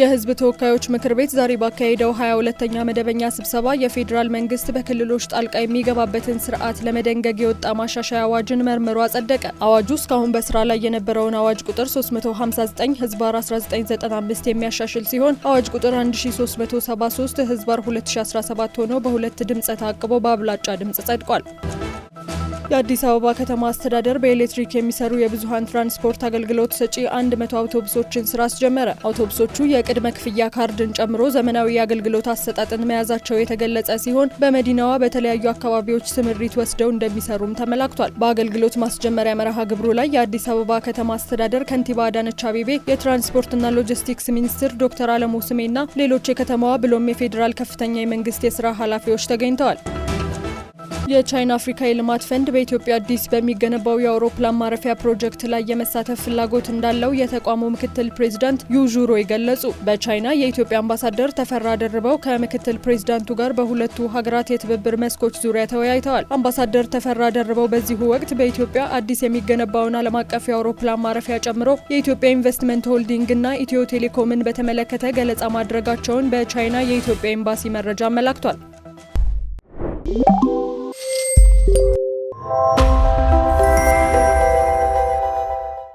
የህዝብ ተወካዮች ምክር ቤት ዛሬ ባካሄደው 22ኛ መደበኛ ስብሰባ የፌዴራል መንግስት በክልሎች ጣልቃ የሚገባበትን ስርዓት ለመደንገግ የወጣ ማሻሻያ አዋጅን መርምሮ አጸደቀ። አዋጁ እስካሁን በስራ ላይ የነበረውን አዋጅ ቁጥር 359 ህዝባር 1995 የሚያሻሽል ሲሆን አዋጅ ቁጥር 1373 ህዝባር 2017 ሆኖ በሁለት ድምፀ ታቅቦ በአብላጫ ድምፅ ጸድቋል። የአዲስ አበባ ከተማ አስተዳደር በኤሌክትሪክ የሚሰሩ የብዙሀን ትራንስፖርት አገልግሎት ሰጪ 100 አውቶቡሶችን ስራ አስጀመረ። አውቶቡሶቹ የቅድመ ክፍያ ካርድን ጨምሮ ዘመናዊ የአገልግሎት አሰጣጥን መያዛቸው የተገለጸ ሲሆን በመዲናዋ በተለያዩ አካባቢዎች ስምሪት ወስደው እንደሚሰሩም ተመላክቷል። በአገልግሎት ማስጀመሪያ መርሃ ግብሩ ላይ የአዲስ አበባ ከተማ አስተዳደር ከንቲባ አዳነች አቤቤ፣ የትራንስፖርትና ሎጂስቲክስ ሚኒስትር ዶክተር አለሙ ስሜና ሌሎች የከተማዋ ብሎም የፌዴራል ከፍተኛ የመንግስት የስራ ኃላፊዎች ተገኝተዋል። የቻይና አፍሪካ የልማት ፈንድ በኢትዮጵያ አዲስ በሚገነባው የአውሮፕላን ማረፊያ ፕሮጀክት ላይ የመሳተፍ ፍላጎት እንዳለው የተቋሙ ምክትል ፕሬዚዳንት ዩዥሮ ገለጹ። በቻይና የኢትዮጵያ አምባሳደር ተፈራ ደርበው ከምክትል ፕሬዚዳንቱ ጋር በሁለቱ ሀገራት የትብብር መስኮች ዙሪያ ተወያይተዋል። አምባሳደር ተፈራ ደርበው በዚሁ ወቅት በኢትዮጵያ አዲስ የሚገነባውን ዓለም አቀፍ የአውሮፕላን ማረፊያ ጨምሮ የኢትዮጵያ ኢንቨስትመንት ሆልዲንግና ኢትዮ ቴሌኮምን በተመለከተ ገለጻ ማድረጋቸውን በቻይና የኢትዮጵያ ኤምባሲ መረጃ አመላክቷል።